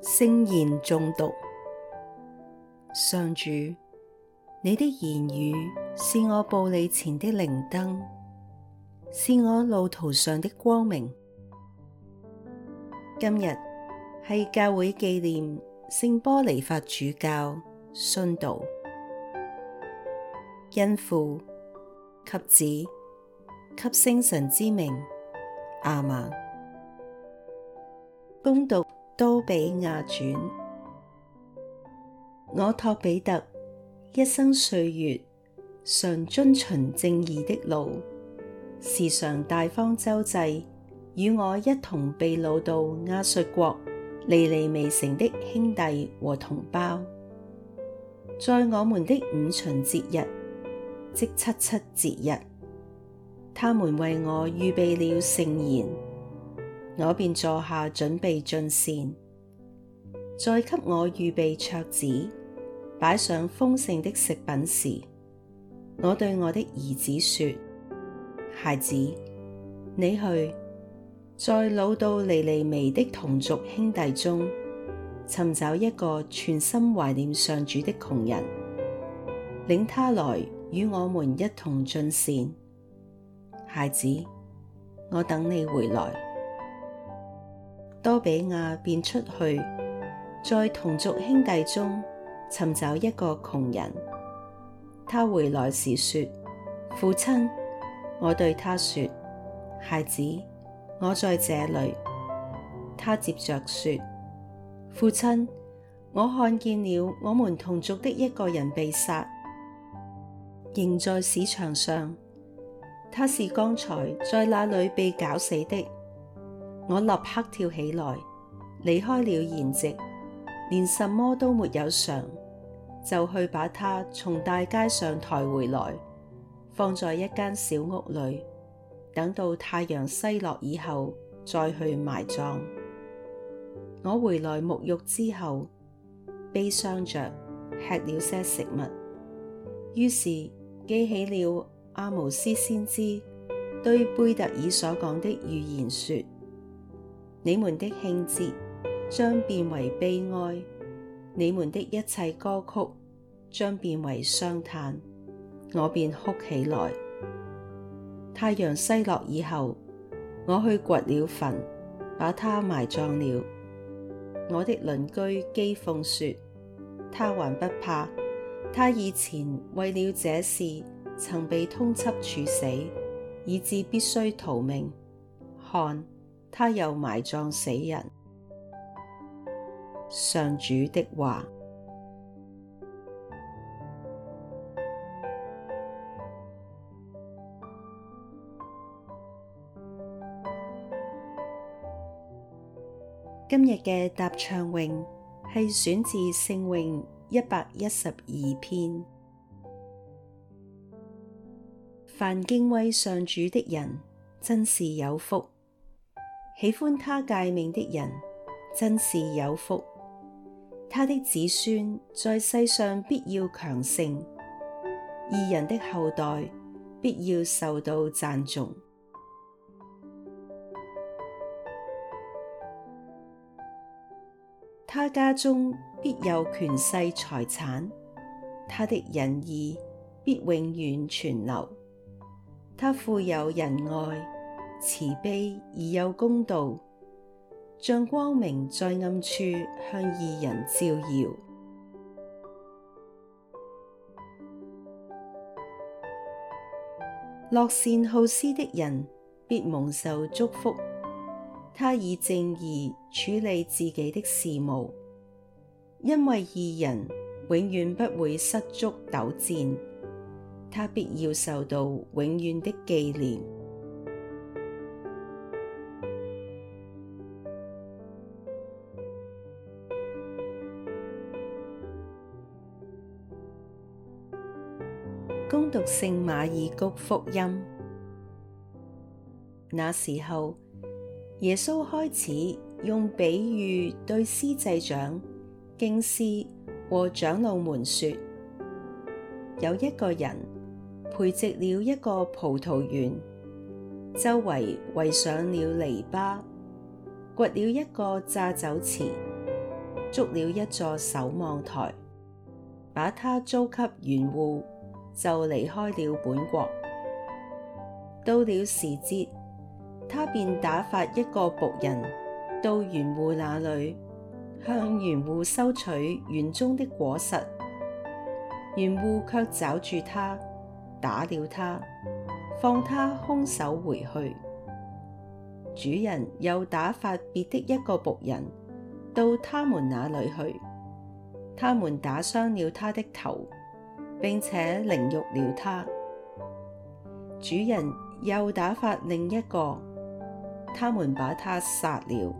聖言誦讀：「上主，你的言語是我步履前的靈燈，是我路途上的光明。今日係教會紀念。聖玻尼法主教殉道。因父及子，及聖神之名亞孟。恭讀多俾亞傳，我托彼特一生歲月常遵循正義的路，時常大方賙濟，與我一同被擄到亞述國。離尼微城的兄弟和同胞，在我們的五旬節日，即七七節日，他們為我預備了盛筵，我便坐下準備進膳。在給我預備桌子，擺上豐盛的食品時，我對我的兒子說：孩子，你去。在擄到尼尼微的同族兄弟中，尋找一個全心懷念上主的窮人，領他來與我們一同進膳。孩子，我等你回來。多俾亞便出去，在同族兄弟中尋找一個窮人。他回來時說：「父親！」我對他說：「孩子！」我在這裏。他接着說：父親，我看見了我們同族的一個人被殺，扔在市場上。他是剛才在那裏被絞死的。我立刻跳起來，離開了筵席，連什麼都沒有嘗，就去把他從大街上抬回來，放在一間小屋裏。等到太陽西落以後，再去埋葬。我回來沐浴之後，悲傷着吃了些食物，於是記起了亞毛斯先知對貝特耳所講的預言，說：你們的慶節將變為悲哀，你們的一切歌曲將變為傷嘆。我便哭起來。太陽西落以後，我去掘了墳，把他埋葬了。我的鄰居譏諷說：他還不怕！他以前為了這事曾被通緝處死，以致必須逃命。看，他又埋葬死人。上主的話。今日嘅答唱詠係選自聖詠一百一十二篇。凡敬畏上主的人，真是有福，喜歡他誡命的人真是有福。他的子孫在世上必要強盛，義人的後代必要受到讚頌。他家中必有權勢財產，他的仁義必永遠存留。他富有仁愛，慈悲而又公道，像光明在暗處向義人照耀。樂善好施的人必蒙受祝福。他以正義處理自己的事務，因為義人永遠不會失足抖顫，他必要受到永遠的紀念。恭 讀聖馬爾谷福音。那時候，耶穌開始用比喻對司祭長、經師和長老們說：有一個人培植了一個葡萄園，周圍圍上了籬笆，掘了一個榨酒池，築了一座守望台，把它租給園戶，就離開了本國。到了時節。他便打發一個僕人到園戶那裏，向園戶收取園中的果實，園戶却抓住他，打了他，放他空手回去。主人又打發別的一個僕人到他們那裏去，他們打傷了他的頭，並且凌辱了他。主人又打發另一個。他們把他殺了，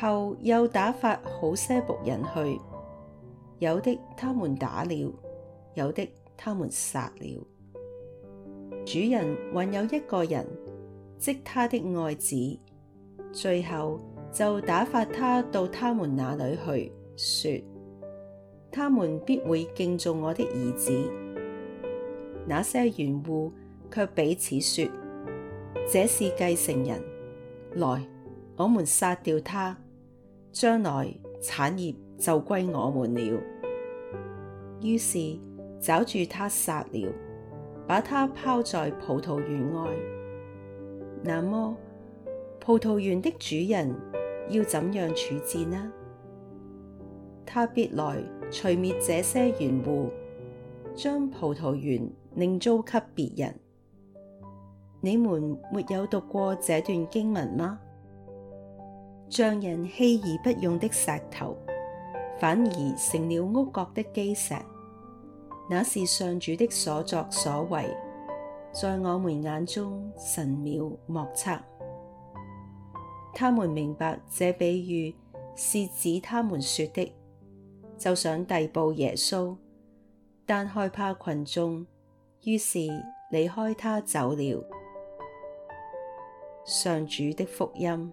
後又打發好些僕人去，有的他們打了，有的他們殺了。主人還有一個人，即他的愛子，最後就打發他到他們那裏去，說：他們必會敬重我的兒子。那些園戶卻彼此說。這是繼承人，來，我們殺掉他，將來產業就歸我們了。於是抓住他殺了，把他拋在葡萄園外。那麼，葡萄園的主人要怎樣處置呢？他必來除滅這些園戶，將葡萄園另租給別人。你們沒有讀過這段經文嗎？匠人棄而不用的石頭，反而成了屋角的基石。那是上主的所作所為，在我們眼中神妙莫測。他們明白這比喻是指他們說的，就想逮捕耶穌，但害怕群眾，於是離開他走了。上主的福音。